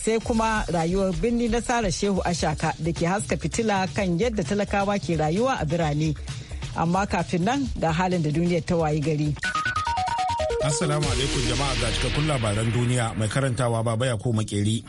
sai kuma rayuwar birni na Sara Shehu Ashaka da ke haska fitila kan yadda talakawa ke rayuwa a birane. Amma kafin nan ga halin da duniyar ta wayi gari. Assalamu alaikum jama'a ga cikakkun labaran duniya mai karantawa baba ya ko makeri.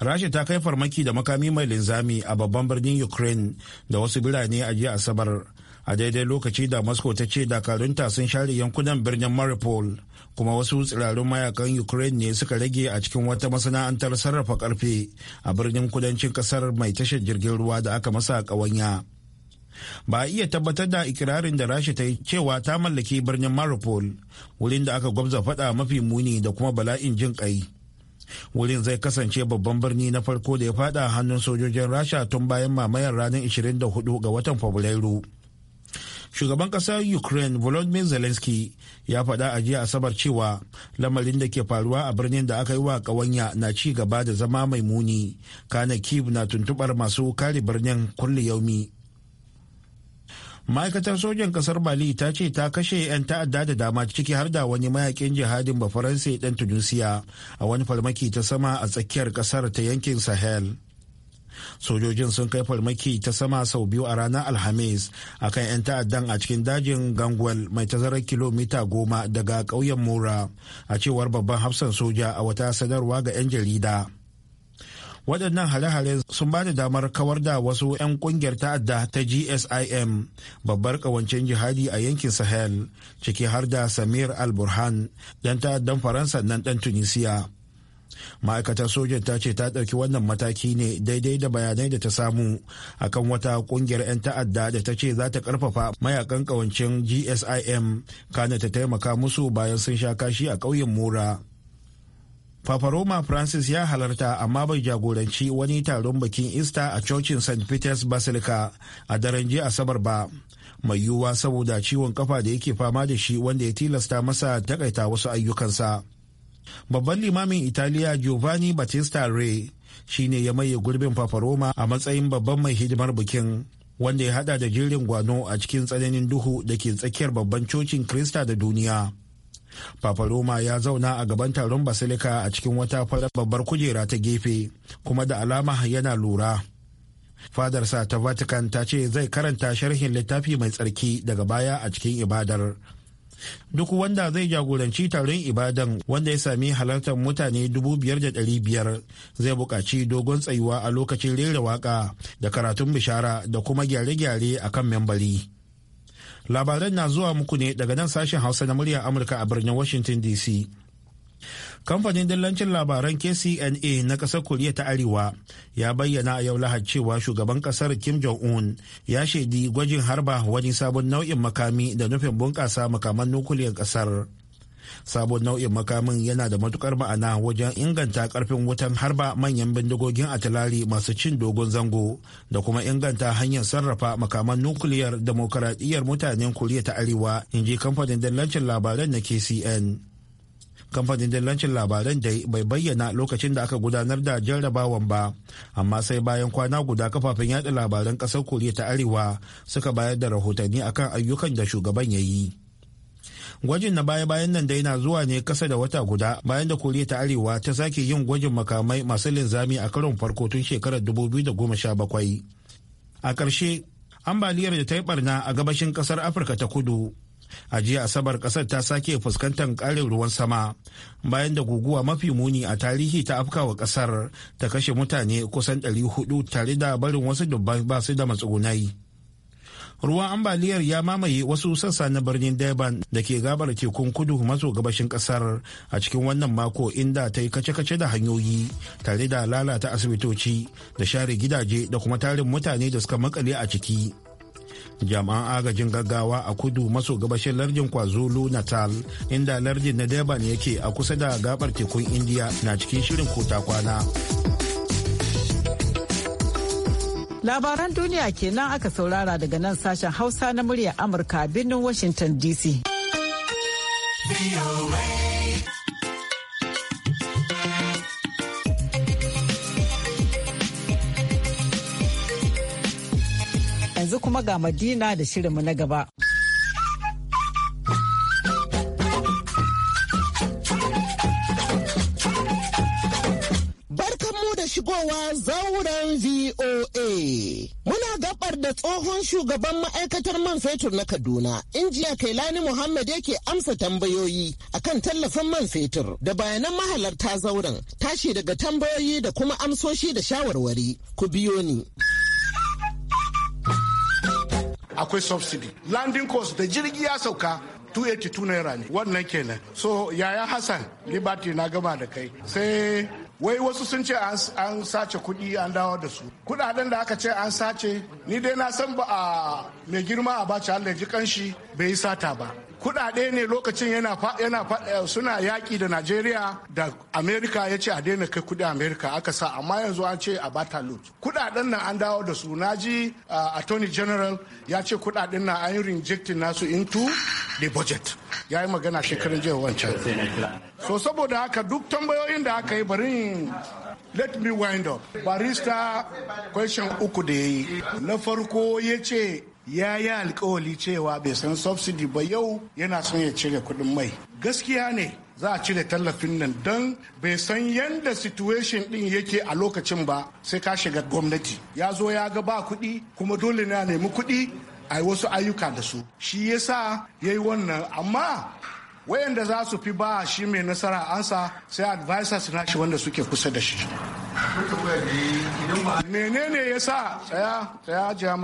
Rasha ta kai farmaki da makami mai linzami a babban birnin Ukraine da wasu birane a jiya Asabar a daidai lokaci da moscow ta ce dakarunta sun share yankunan birnin maripol kuma wasu tsirarun mayakan ukraine ne suka rage a cikin wata masana'antar sarrafa karfe a birnin kudancin kasar mai tashar jirgin ruwa da aka masa ƙawanya ba a iya tabbatar da ikirarin da rasha ta yi cewa ta mallaki birnin maripol wurin da aka gwamza faɗa mafi muni da kuma bala'in jin kai wurin zai kasance babban birni na farko da ya fada hannun sojojin rasha tun bayan mamayar ranar 24 ga watan fabrairu shugaban ƙasar ukraine volodymyr zelensky ya faɗa a jiya asabar cewa lamarin da ke faruwa a birnin da aka yi wa ƙawanya na ci gaba da zama mai muni kana kiev na tuntubar masu kare birnin kulle yaumi ma'aikatar sojan kasar mali ta ce ta kashe 'yan ta'adda da dama ciki har da wani mayakin jihadin bafaransa ɗan tunisiya a wani farmaki ta sama a tsakiyar kasar ta yankin sahel sojojin sun kai farmaki ta sama sau biyu a ranar alhamis a kan 'yan ta'addan a cikin dajin gangwal mai tazarar kilomita goma daga ƙauyen Mura, a cewar babban hafsan soja a wata sadarwa ga 'yan jarida waɗannan hare-hare sun ba da damar kawar da wasu 'yan ƙungiyar ta'adda ta gsim babbar ƙawancin jihadi a yankin sahel ciki har da samir al-burhan 'yan ta'addan faransa nan ɗan tunisiya ma'aikatar sojan ta ce ta ɗauki wannan mataki ne daidai da bayanai da ta samu akan wata ƙungiyar 'yan ta'adda da ta ce za ta karfafa mayakan kawancin gsim kana ta taimaka musu bayan sun sha kashi a ƙauyen mura. Paparoma Francis ya halarta amma bai jagoranci wani taron bikin Easter a cocin St. Peter's Basilica a daren jiya Asabar ba. Mai yiwuwa saboda ciwon kafa da yake fama da shi wanda ya tilasta masa takaita wasu ayyukansa. babban limamin italiya giovanni battista re ne ya maye gurbin Roma a matsayin babban mai hidimar bikin wanda ya hada da jirin gwano a cikin tsananin duhu da ke tsakiyar babban cocin krista da duniya Roma ya zauna a gaban taron basilika a cikin wata farar babbar kujera ta gefe kuma da alama yana lura fadarsa ta vatican ta ce zai karanta sharhin littafi mai tsarki daga baya a cikin ibadar duk wanda zai jagoranci taron ibadan wanda ya sami halartar mutane 5,500 zai buƙaci dogon tsayuwa a lokacin rera waƙa da karatun bishara da kuma gyare-gyare a kan membari labaran na zuwa muku ne daga nan sashen hausa na murya amurka a birnin washington dc kamfanin dillancin labaran kcna na ƙasar koriya ta arewa ya bayyana a yau lahad cewa shugaban ƙasar kim jong-un ya shaidi gwajin harba wani sabon nau'in makami da nufin bunƙasa makaman nukuliyar ƙasar sabon nau'in makamin yana da matukar ma'ana wajen inganta karfin wutan harba manyan bindigogin atilari masu cin dogon zango da kuma inganta hanyar sarrafa makaman nukuliyar demokaradiyyar mutanen koriya ta arewa in ji kamfanin dallancin labaran na kcn kamfanin dillancin labaran dai bai bayyana lokacin da aka gudanar da jarrabawan ba amma sai bayan kwana guda kafafen yada labaran ƙasar koriya ta arewa suka bayar da rahotanni akan ayyukan da shugaban ya yi gwajin na baya-bayan nan dai na zuwa ne kasa da wata guda bayan da koriya ta arewa ta sake yin gwajin makamai masu linzami a karon farko tun shekarar 2017 a ƙarshe ambaliyar da ta yi barna a gabashin ƙasar afirka ta kudu a jiya asabar kasar ta sake fuskantar karin ruwan sama bayan da guguwa mafi muni a tarihi ta afkawa kasar ta kashe mutane kusan 400 tare da barin wasu dubban basu da matsugunai ruwan ambaliyar ya mamaye wasu sassa na birnin daban da ke gabar tekun kudu maso gabashin kasar a cikin wannan mako inda ta yi kace-kace da hanyoyi tare da lalata asibitoci da share gidaje da kuma tarin mutane da suka makale a ciki jami'an agajin gaggawa a kudu maso gabashin lardin kwazulu natal inda lardin na durban yake a kusa da gabar tekun indiya na cikin shirin kota kwana labaran duniya kenan aka saurara daga nan sashen hausa na muryar amurka birnin washington dc yanzu kuma ga Madina da shirinmu na gaba. da shigowa zauren VOA. Muna gabar da tsohon shugaban ma'aikatar man fetur na Kaduna, in injiya Kailani Muhammad yake amsa tambayoyi akan tallafin man fetur da bayanan mahalarta zauren tashi daga tambayoyi da kuma amsoshi da shawarwari. Ku biyo ni. akwai subsidy landing cost da jirgi ya sauka 282 naira ne wannan kenan so yaya hassan liberty na gama da kai sai wai wasu sun ce an sace kuɗi an dawo da su kuɗaɗen da aka ce an sace ni dai na san ba a mai girma a bace allah ji kanshi bai yi sata ba Kudade ne lokacin yana yana eh, suna yaki da Najeriya da Amerika ya ce a daina kai kuɗi Amerika aka sa amma yanzu an ce a bata loot kudaden nan an dawo da su naji eh, Attorney General ya ce kudaden nan an yi rejecting nasu into the budget. Ya yi magana shekarun jiya wancan. So saboda haka duk tambayoyin da aka yi bari let me wind up. Barista question uku da ya yi. Na farko ya ce ya yi alkawali cewa bai san subsidy ba yau yana son ya cire kuɗin mai gaskiya ne za a cire tallafin nan don bai san yadda situation din yake a lokacin ba sai ka shiga gwamnati ya zo ya ga ba kuɗi kuma dole na nemi kuɗi a yi wasu ayyuka da su shi ya sa ya yi wannan amma wayanda za su fi ba shi mai nasara ansa sai advisors na shi wanda suke kusa da shi menene ya sa tsaya tsaya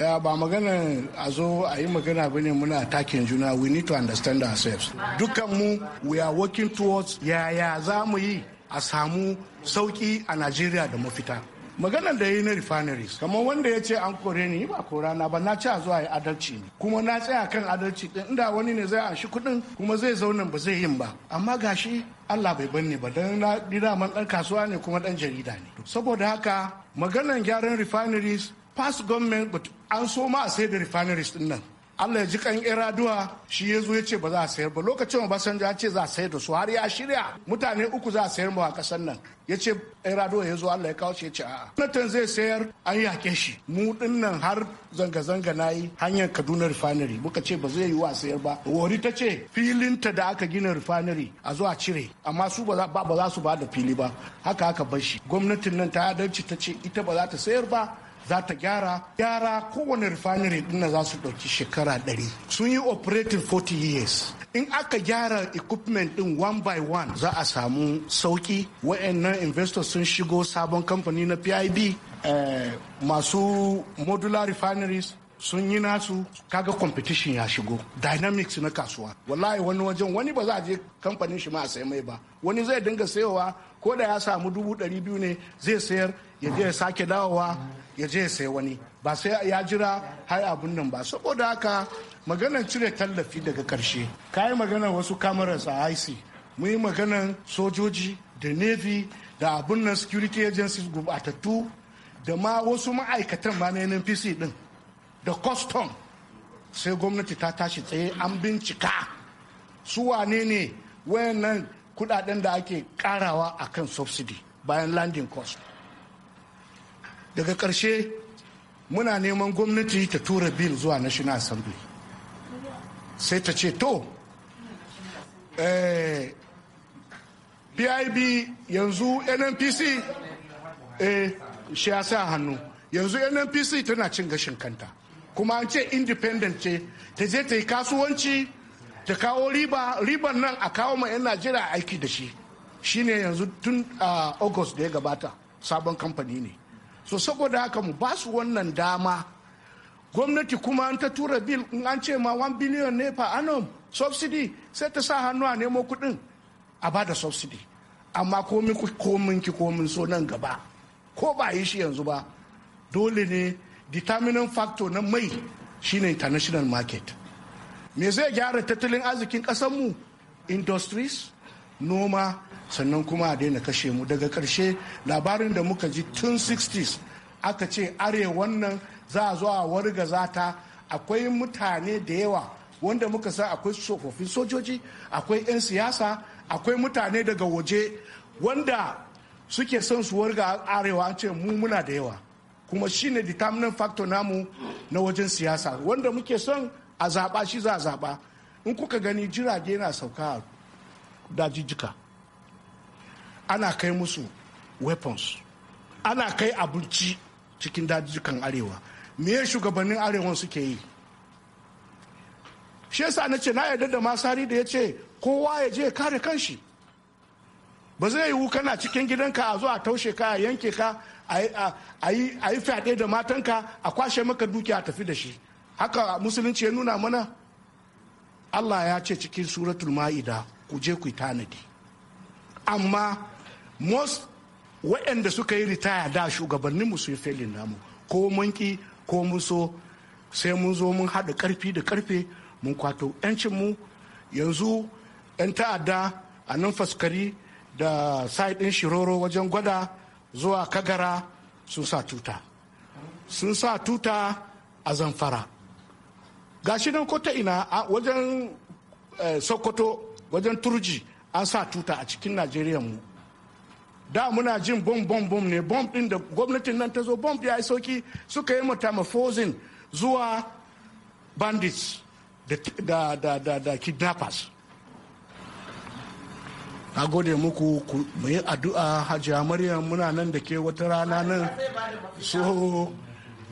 ya ba magana a zo a yi magana bane muna takin juna we need to understand ourselves dukkan mu we are working towards yaya za mu yi a samu sauki a najeriya da mafita maganar da ya yi na refineries kamar wanda ya ce an kore ni ba kora na ba na ci a zuwa yi adalci ne kuma na tsaya kan adalci din inda wani ne zai anshi kuɗin kuma zai zauna ba zai yin ba amma gashi Allah bai banne ba don na man ɗan kasuwa ne kuma dan jarida ne saboda haka maganar gyaran refineries past government an so ma a sai da refineries din nan Allah ya ji kan iraduwa shi ya zo ya ce ba za a sayar ba lokacin Obasanjo ya ce za a sayar da su har ya shirya mutane uku za a sayar ma a kasar nan ya ce iraduwa ya zo Allah ya kawo shi ya ce a'a. Jonathan zai sayar an yake shi mu din nan har zanga-zanga na yi hanyar Kaduna refinery muka ce ba zai yi wa sayar ba. Wari ta ce filin ta da aka gina refinery a zo a cire amma su ba za su ba da fili ba haka haka bar shi gwamnatin nan ta adalci ta ce ita ba za ta sayar ba za ta gyara gyara kowane refinery dinnan za su ɗauki shekara ɗari sun yi operating 40 years in aka gyara equipment din one by one za a samu sauki wa'annan investors sun shigo sabon kamfani na pib eh, masu modular refineries sun yi nasu kaga competition ya shigo dynamics na kasuwa wallahi wani wajen wani ba za a je kamfanin shi ma a sai mai ba wani zai dinga sayowa ko da ya samu dubu ɗari biyu ne zai sayar ya je ya sake dawowa ya je ya sayi wani ba sai ya jira har abun nan ba saboda haka maganar cire tallafi daga karshe yi maganar wasu kamaras a ic mu yi maganar sojoji da navy da abun nan security agencies gubatattu da ma wasu ma'aikatan ma na npc din da custom sai gwamnati ta tashi tsaye an bincika su wane ne wayannan kudaden da ake karawa akan subsidy bayan landing cost daga ƙarshe muna neman gwamnati ta tura bil zuwa national assembly sai ta ce to eh, pib yanzu nnpc eh, shi ya sa hannu yanzu nnpc tana cin gashin kanta kuma an ce independent ce ta je ta yi kasuwanci ta kawo riba riban nan a kawo ma 'yan najeriya aiki da shi shine yanzu tun a ah, august da ya gabata sabon kamfani ne so saboda haka mu ba su wannan dama gwamnati kuma an ta tura bil in an ce ma 1 billion ne fa annum subsidy sai ta sa hannu a nemo kudin a ba da subsidy amma komin komin ki komin so nan gaba ko ba yi shi yanzu ba dole ne determining factor na mai shine international market me zai gyara tattalin arzikin mu industries noma sannan kuma a daina kashe mu daga karshe labarin da muka ji tun 60s aka ce are wannan za a zo a warga zata akwai mutane da yawa wanda muka sa akwai tsofaffin sojoji akwai 'yan siyasa akwai mutane daga waje wanda suke son su warga arewa an ce mu muna da yawa kuma shi shine determinant factor namu na wajen siyasa wanda muke son a zaba shi za a zaba in kuka gani jirage na sauka da jijjika ana kai musu weapons ana kai abinci cikin dajikan arewa me shugabannin arewa suke yi shi yasa na ce na yarda da masari da ya ce kowa ya je kare kanshi ba zai yiwu kana cikin gidanka a zo a taushe ka a yanke ka a yi fyaɗe da matanka a kwashe maka dukiya a tafi da shi haka musulunci ya nuna mana allah ya ce cikin suratul ma'ida ku je ku yi tanadi amma most waɗanda suka yi ritaya da shugabannin su yi felin namu ko mun ki ko mun so sai mun zo mun haɗa ƙarfi da ƙarfe mun kwato mu yanzu 'yan ta'adda a nan faskari da ɗin shiroro wajen gwada zuwa kagara sun sa tuta sun sa tuta a zamfara gashi nan ko ta ina wajen eh, sokoto wajen turji an sa tuta a cikin najeriya mu da muna jin bom bom bom ne bom din da gwamnatin nan ta zo bom ya yi sauki suka yi metamorphosing zuwa bandits da, da, da, da da kidnappers A gode muku mu yi addu'a hajiya maryam muna nan da ke wata rana nan so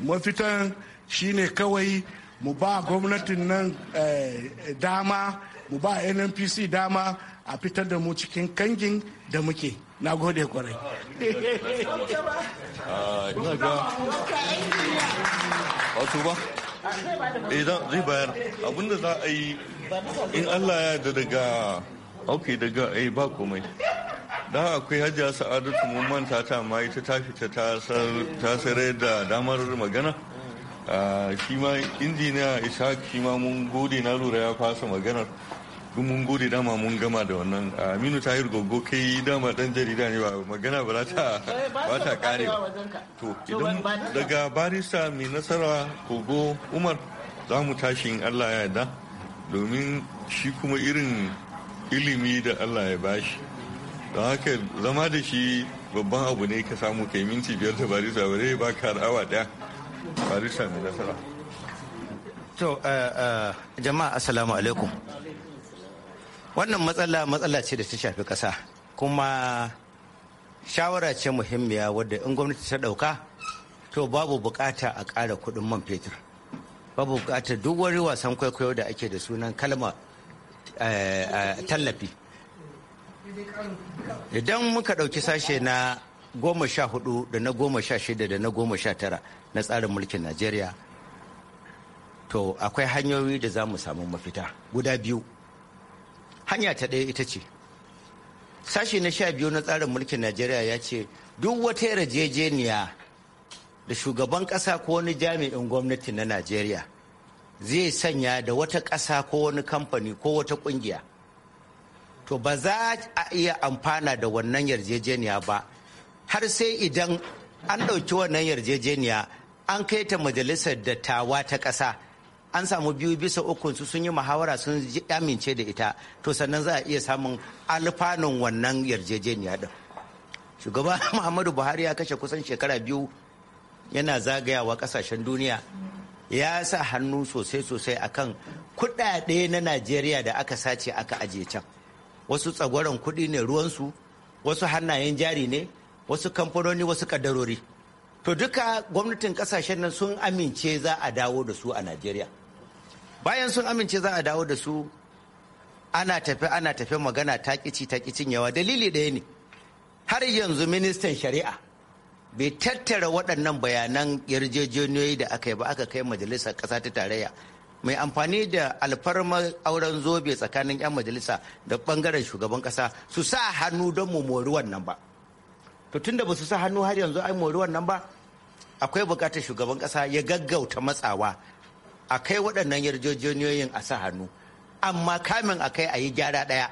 mafitan shine kawai mu ba gwamnatin nan eh, dama mu ba nnpc dama a fitar da mu cikin kangin da muke na gode kwarai idan eh, zai bayar abinda za a yi in allah ya da daga ok daga a eh, ba komai da akwai hajiya sa'adatu mun manta ta ma ta fita ta sare da damar magana ah, shi ma injiniya ishaq shi ma mun gode na lura ya fasa maganar mun gode dama mun gama da wannan ah, aminu tahir gogo kai dama dan jarida ne ba magana ba eh, ta ba ta kare to idan daga barista mai nasara gogo umar za mu tashi in allah ya yarda domin shi kuma irin ilimi da allah ya bashi don haka zama da shi babban abu ne ka samu kai minti biyar da barista ba ba ka awa daya barista mai nasara eh, eh, jama'a assalamu alaikum wannan matsala matsala ce da ta shafi ƙasa kuma shawara ce muhimmiya wadda in gwamnati ta ɗauka to babu bukata a ƙara kuɗin man fetur babu bukatar duk wani wasan kwaikwayo da ake da sunan kalma eh, eh, tallafi idan muka ɗauki sashe na goma sha hudu da na goma sha shida da na goma sha tara na tsarin mulkin najeriya to akwai hanyoyi da za mu samu mafita guda biyu hanya ta ɗaya ita ce sashi na sha biyu na tsarin mulkin najeriya ya ce duk wata yarjejeniya da shugaban ƙasa ko wani jami'in gwamnati na najeriya zai sanya da wata ƙasa ko wani kamfani ko wata ƙungiya to ba za a iya amfana da wannan yarjejeniya ba har sai idan an ɗauki wannan yarjejeniya an kai ta majalisar dattawa ta ƙasa an samu biyu bisa ukun su sun yi muhawara sun amince da ita to sannan za a iya samun alfanun wannan yarjejeniya din shugaba muhammadu buhari ya kashe kusan shekara biyu yana zagayawa kasashen duniya ya sa hannu sosai sosai akan kudade na najeriya da aka sace aka ajiye can wasu tsagwaron kudi ne ruwansu wasu hannayen jari ne wasu kamfanoni wasu kadarori to duka gwamnatin kasashen nan sun amince za a dawo da su a najeriya bayan sun amince za a dawo da su ana tafe ana tafe magana takici takicin yawa dalili ɗaya ne har yanzu ministan shari'a bai tattara waɗannan bayanan yarjejeniyoyi da aka yi ba aka kai majalisar ƙasa ta tarayya mai amfani da alfarmar auren zobe tsakanin 'yan majalisa da ɓangaren shugaban ƙasa su sa hannu don mu mori wannan ba to tun da ba su sa hannu har yanzu ai mori wannan ba akwai buƙatar shugaban ƙasa ya gaggauta matsawa a kai waɗannan yarjejeniyoyin a sa hannu amma kamin a kai a yi gyara ɗaya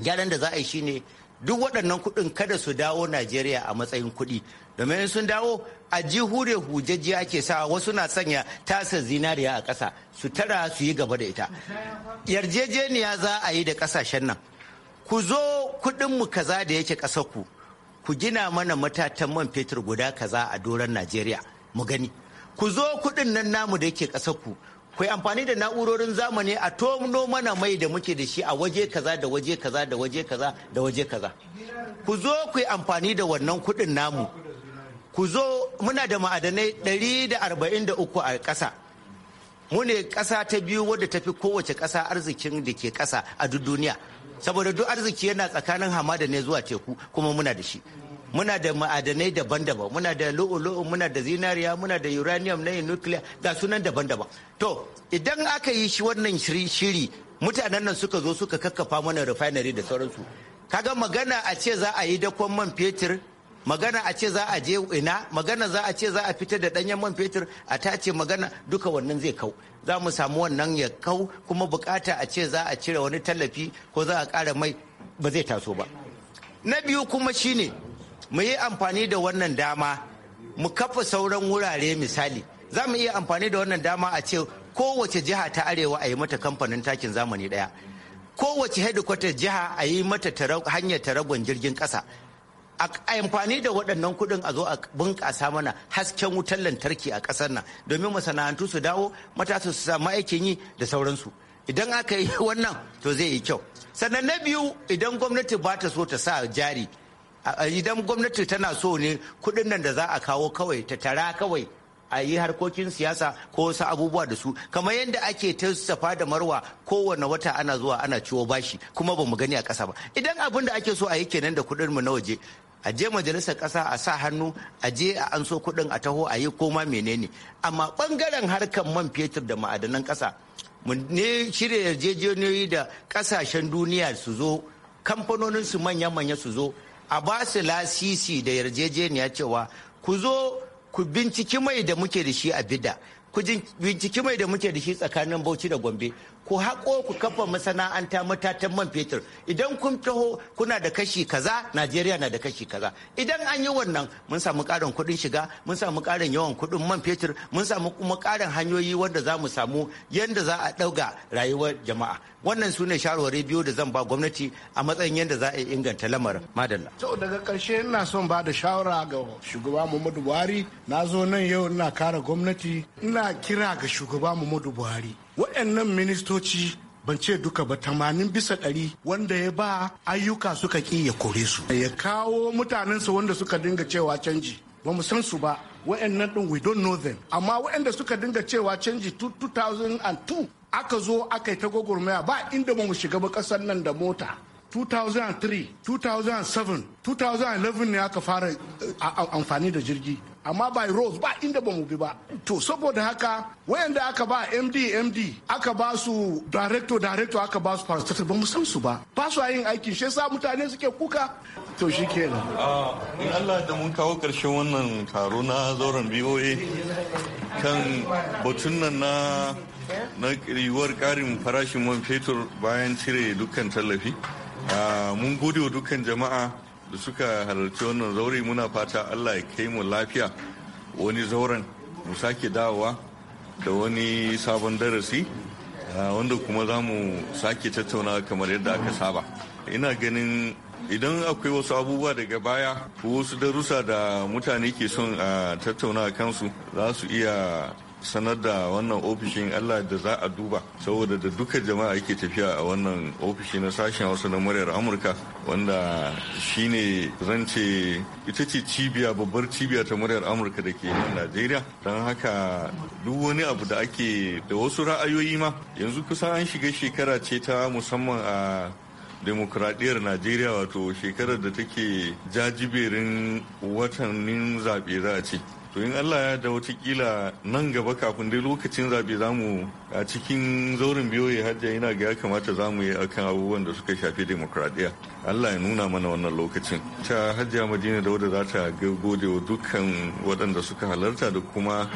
gyaran da za a yi shine duk waɗannan kuɗin kada su dawo najeriya a matsayin kuɗi domin sun dawo a ji hure hujajji ake sa wasu na sanya tasa zinariya a ƙasa su tara su yi gaba da ita yarjejeniya za a yi da ƙasashen nan ku zo kuɗinmu kaza da yake ƙasar ku ku gina mana matatan man fetur guda kaza a doron najeriya mu gani ku zo kuɗin nan namu da yake ƙasar ku ku amfani da na'urorin zamani a tono mana mai da muke da shi a waje kaza da waje kaza da waje kaza da waje kaza ku zo ku yi amfani da wannan kuɗin namu ku zo muna da ma'adanai 143 a ƙasa mu ne ƙasa ta biyu wadda ta fi kowace ƙasa arzikin da ke ƙasa a duk duniya saboda duk arziki yana tsakanin hamada ne zuwa teku kuma muna da shi muna da ma'adanai daban-daban muna da lu'u muna da zinariya muna da uranium na nuclear ga sunan daban-daban to idan aka yi shi wannan shiri mutanen nan suka zo suka kakkafa mana refinery da sauransu kaga magana a ce za a yi dakon man fetur magana a ce za a je ina magana za a ce za a fitar da danyen man fetur a tace magana duka wannan zai kau za mu samu wannan ya kau kuma bukata a ce za a cire wani tallafi ko za a kara mai ba zai taso ba na biyu kuma shine mu yi amfani da wannan dama mu kafa sauran wurare misali za mu iya amfani da wannan dama a ce kowace jiha ta arewa a yi mata kamfanin takin zamani daya kowace hedikwatar jiha a yi mata hanyar taragon jirgin kasa a amfani da waɗannan kuɗin a zo a bunƙasa mana hasken wutar lantarki a ƙasar nan domin masana'antu su dawo matasa su samu aikin yi da sauransu idan aka yi wannan to zai yi kyau sannan na biyu idan gwamnati ba ta so ta sa jari idan gwamnati tana so ne kuɗin nan da za a kawo kawai ta tara kawai a yi harkokin siyasa ko wasu abubuwa da su kamar yadda ake ta safa da marwa kowane wata ana zuwa ana ciwo bashi kuma ba mu gani a ƙasa ba idan abin da ake so a yi kenan da kuɗin mu na waje a je majalisar ƙasa a sa hannu a je a an so kuɗin a taho a yi koma menene amma ɓangaren harkar man fetur da ma'adanan ƙasa mu ne shirya yarjejeniyoyi da ƙasashen duniya su zo kamfanonin su manya-manya su zo a ba lasisi da yarjejeniya cewa ku zo ku binciki mai da muke da shi a bida ku binciki mai da muke da shi tsakanin bauchi da gombe ku haƙo ku kafa masana'anta matatan man fetur idan kun taho kuna da kashi kaza najeriya na da kashi kaza idan an yi wannan mun samu ƙarin kuɗin shiga mun samu ƙarin yawan kuɗin man fetur mun samu kuma ƙarin hanyoyi wanda za mu samu yadda za a ɗauga rayuwar jama'a wannan su ne shawarwari biyu da zan ba gwamnati a matsayin yadda za a inganta lamar. madalla to daga karshe ina son ba da shawara ga shugaba muhammadu buhari na zo nan yau ina kara gwamnati ina kira ga shugaba muhammadu buhari waɗannan ministoci ban ce duka ba tamanin bisa ɗari wanda ya ba ayyuka suka ƙi ya kore su ya kawo mutanensa wanda suka dinga cewa canji ba mu san su ba wa'annan ɗin we don't know them amma wa'anda suka dinga cewa canji 2002 aka zo aka yi ta gwagwarmaya ba inda mu shiga ba kasar nan da mota 2003 2007 2011 ne aka fara amfani da jirgi amma by rose ba inda ba mu bi ba to saboda haka wayanda aka ba md md aka ba su director director aka ba su pastor ba mu san su ba ba su yin aikin shi sa mutane suke kuka to shi kenan ah, in Allah da mun kawo karshen wannan taro na zauren biyoyi kan batun nan na na yiwuwar karin farashin man fetur bayan cire dukkan tallafi ah, mun gode wa dukkan jama'a da suka halarci wannan zaure muna fata allah ya kai mu lafiya wani zauren mu sake dawowa da wani sabon darasi ah, wanda kuma za mu sake tattauna kamar yadda aka saba ina ganin idan akwai wasu abubuwa daga baya ko wasu darussa da mutane ke son a ah, tattauna kansu za su iya sanar da wannan ofishin Allah da za a duba saboda da duka jama'a yake tafiya a wannan ofishi na sashen Hausa na muryar Amurka wanda shine zance ita ce cibiya babbar cibiya ta muryar Amurka da ke nan Najeriya don haka duk wani abu da ake da wasu ra'ayoyi ma yanzu kusa an shiga shekara ce ta musamman a demokuraɗiyar najeriya wato shekarar da take jajiberin watannin zaɓe za a ce to in allah ya da watakila nan gaba kafin dai lokacin zabe za a cikin zaurin biyoyi hajja yana ga ya kamata zamu yi akan abubuwan da suka shafi demokradiyya allah ya nuna mana wannan lokacin ta hajja madina da wadda za ta gode wa dukkan waɗanda suka halarta da kuma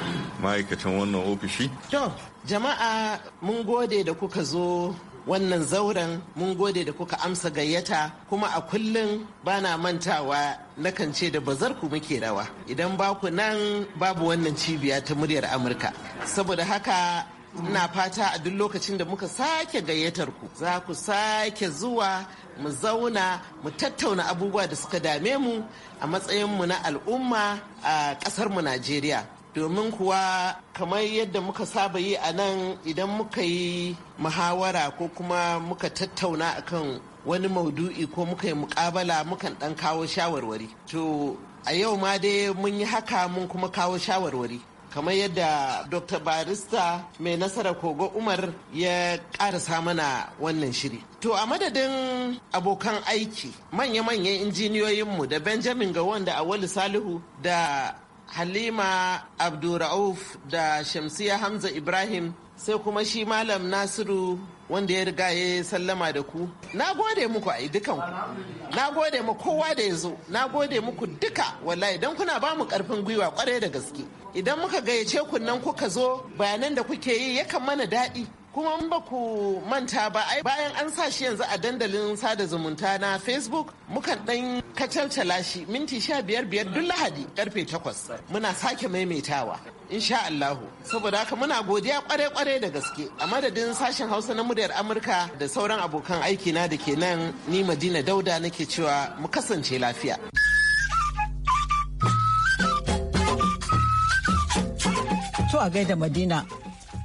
ma'aikatan wannan ofishi to jama'a mun gode da kuka zo wannan zauren mun gode da kuka amsa gayyata kuma a kullum bana mantawa nakan ce da bazar ku muke rawa idan baku nan babu wannan cibiya ta muryar amurka saboda haka ina fata a duk lokacin da muka sake gayyatar ku za ku sake zuwa mu zauna mu tattauna abubuwa da suka dame mu a matsayin mu na al'umma a ƙasarmu najeriya domin kuwa kamar yadda muka saba yi a nan idan muka yi muhawara ko kuma muka tattauna akan wani maudu'i ko muka yi mukabala mukan dan kawo shawarwari to a yau ma dai mun yi haka mun kuma kawo shawarwari kamar yadda dr barista mai nasara kogo umar ya karasa mana wannan shiri to a madadin abokan aiki manya-manyan injiniyoyinmu da benjamin ga wanda awali salihu da halima abdurrauf da shamsiya hamza ibrahim sai kuma shi malam nasiru wanda ya riga ya sallama da ku na gode muku a dukan ku na gode mu kowa da ya zo na gode muku duka wallahi don kuna ba mu karfin gwiwa kwarai da gaske idan muka gayyace kunnan kuka zo bayanan da kuke yi yakan mana daɗi kuma in ba ku manta ba ai bayan an sa shi yanzu a dandalin sada zumunta na facebook mukan ɗan kacalcala shi minti sha biyar biyar duk lahadi karfe takwas muna sake maimaitawa insha Allahu saboda haka muna godiya kwarai kwarai da gaske a madadin sashen hausa na muryar amurka da sauran abokan aiki na da ke nan ni madina dauda nake cewa mu kasance lafiya to a gaida madina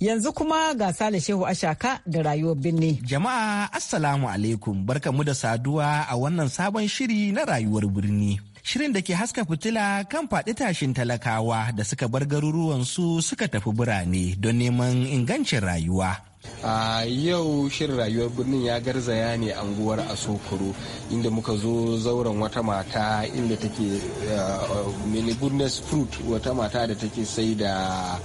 Yanzu kuma ga Sale Shehu Ashaka da rayuwar birni. Jama'a Assalamu alaikum barkamu da saduwa a wannan sabon shiri na rayuwar birni. Shirin da ke haska fitila kan faɗi tashin talakawa da suka bar garuruwan su suka tafi birane don neman ingancin rayuwa. a yau shirin rayuwar birnin ya garzaya ne anguwar asokoro inda muka zo zauren wata mata inda take eh, eh, minibundus fruit wata mata da take sai da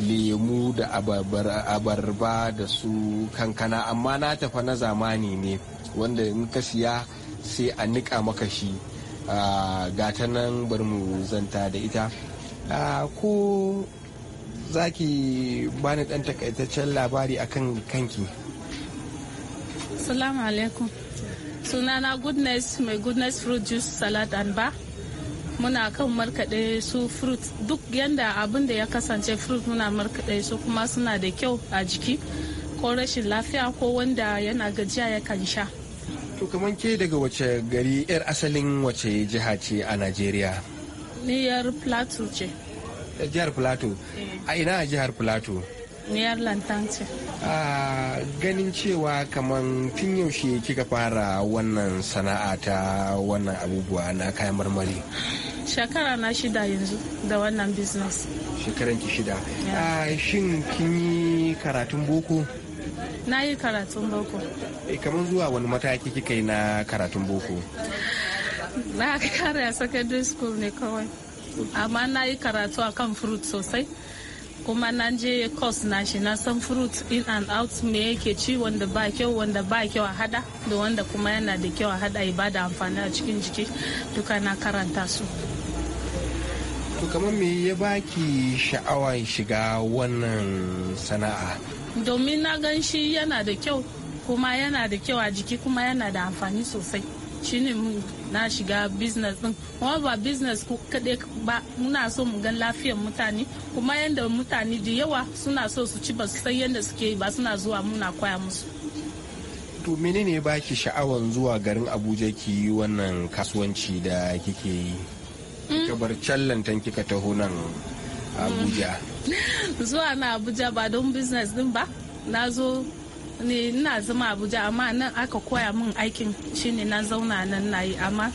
lemu da abarba da su kankana amma na tafa na zamani ne wanda in ka siya sai a niƙa maka shi gata nan bari mu zanta da ita ko za ki bani ɗan takaitaccen labari akan kanki salamu alaikum sunana goodness mai goodness fruit juice salad and bar muna kan markaɗe su fruit duk yanda abin da ya kasance fruit muna markaɗe su kuma suna da kyau a jiki ko rashin lafiya ko wanda yana gajiya ya kan sha to kamar ke daga wace gari yar asalin wace jiha ce a najeriya niyar plateau ce eh, jihar plateau eh. a ina jihar plateau niyar lantan ce a ganin cewa kamar tun yaushe kika fara wannan sana'a ta wannan abubuwa na kayan marmari shekara na shida yanzu da wannan business shekaran ki shida yeah. Ah, shin kin yi karatun boko na yi karatun boko e, eh, kamar zuwa wani mataki kika yi na karatun boko na kare a secondary school ne kawai amma na yi karatu a kan fruit sosai kuma na je course na shi na san fruit in and out me yake ci wanda ba kyau wanda ba kyau a hada da wanda kuma yana da kyau a hada ibada amfani a cikin jiki duka na karanta su to kamar me ya baki sha'awa shiga wannan sana'a domin na gan shi yana da kyau kuma yana da kyau a jiki kuma yana da amfani sosai shi shine na shiga business din kuma ba business ku kaɗai ba muna so mu gan lafiyar mutane kuma yadda mutane da yawa suna so su ci ba su san yadda suke yi ba suna zuwa muna koya musu to menene baki sha'awan zuwa garin abuja ki yi wannan kasuwanci da kike yi Mm. kabar can lantan kika taho nan abuja mm. zuwa na abuja ba don business din ba na zo ne ina zama abuja amma nan aka koya min aikin shine na zauna nan na yi amma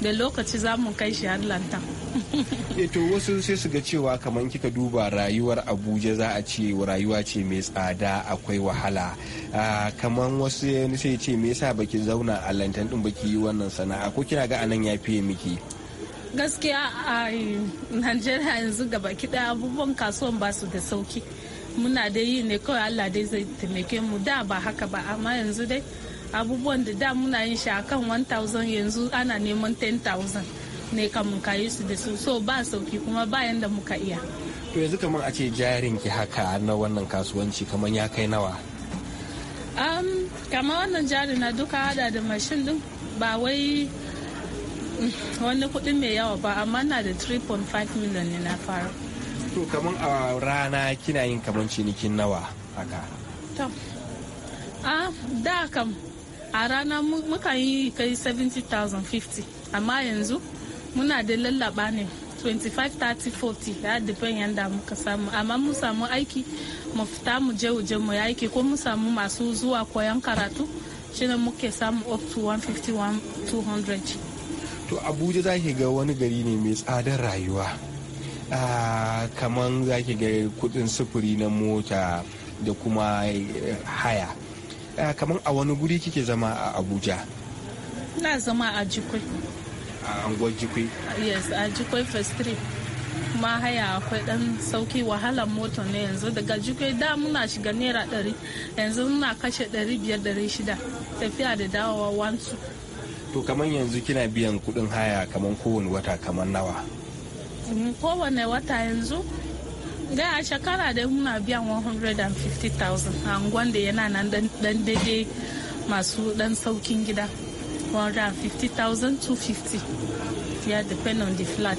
da lokaci za mu kai shi har lantan eh, to wasu sai su ga cewa kaman kika duba rayuwar abuja za a ce rayuwa ce mai tsada akwai wahala ah, kamar wasu sai ce me yasa baki zauna a lantan din baki yi wannan sana'a ko kina ga anan ya fiye miki gaskiya a najeriya yanzu gaba kiɗa abubuwan kasuwan ba su da sauki muna da yi ne kawai allah dai zai taimake mu da ba haka ba amma yanzu dai abubuwan da da muna yin shi akan 1000 yanzu ana neman 10000 ne kamun ka yi su da su so ba sauki kuma bayan da muka iya to yanzu kamar a ce jarin ki haka na wannan kasuwanci kamar ya kai nawa kamar wannan jari na duka hada da mashin din ba wai Mm, wani kuɗi mai yawa ba amma na da 3.5 million ne na fara to kamar a rana kina yin kamar cinikin nawa haka to a da kam a rana muka yi kai 70,050 amma yanzu muna da lallaba ne 25-30-40 ya depend yadda muka samu amma mu samu aiki mu fita mu je wuje mu aiki ko mu samu masu zuwa koyon karatu shi muke samu up to 150 to abuja za ki ga wani gari ne mai tsadar rayuwa ah, kamar za ki ga kudin sufuri na mota da kuma eh, haya ah, kamar a wani guri kike zama a abuja na zama a jikwai a anguwar jikwai yes a jikwai first street kuma haya akwai dan sauki wahalar mota ne yanzu daga jikwai da muna shiga naira 100 yanzu muna kashe 500 600 tafiya da dawowa wansu to kamar yanzu kina biyan kuɗin haya kamar kowane wata kamar nawa mm, kowane wata yanzu gaya a shekara da muna biyan 150,000 a angon da yana nan dan daidai masu dan saukin gida 150,000 250 ya depend on the flat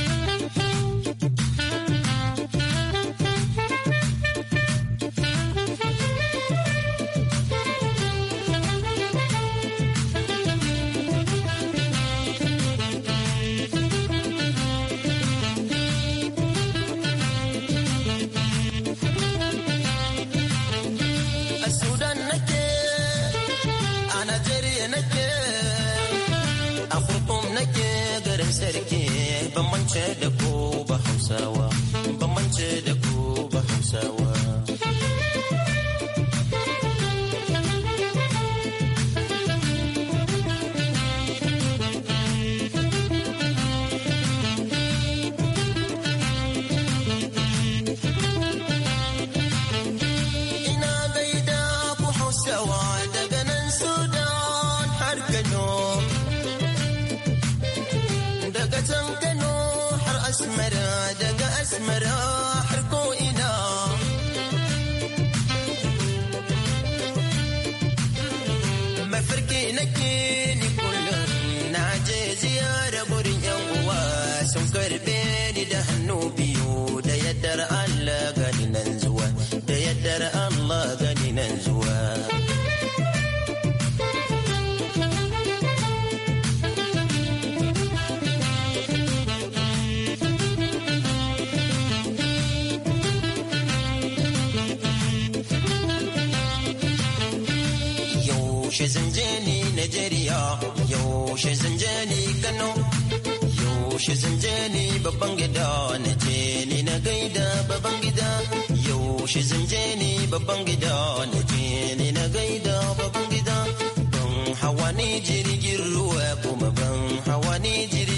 Najeriya yaushe zan je ni Kano yaushe zan je ni babban gida na je ni na gaida babban gida yaushe zan je ni babban gida na je ni na gaida babban gida ban hawa ni jirgin ruwa kuma ban hawa ni jirgin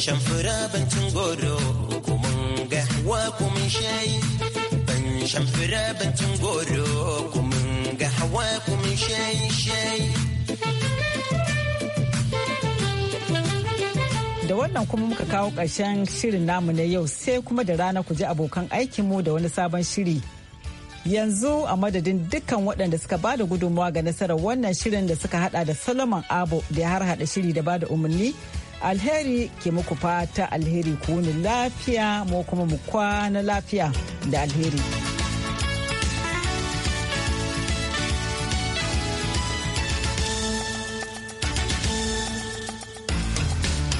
shan fura goro ko mun shayi ban shan fura goro ko mun shayi shayi da wannan kuma muka kawo ƙarshen shirin namu na yau sai kuma da rana ku ji abokan aikinmu da wani sabon shiri yanzu a madadin dukkan waɗanda suka bada gudunmawa ga nasarar wannan shirin da suka hada da solomon abu da ya har hada shiri da bada umarni alheri ke muku fata alheri ku lafiya mu kuma mu kwana lafiya da alheri.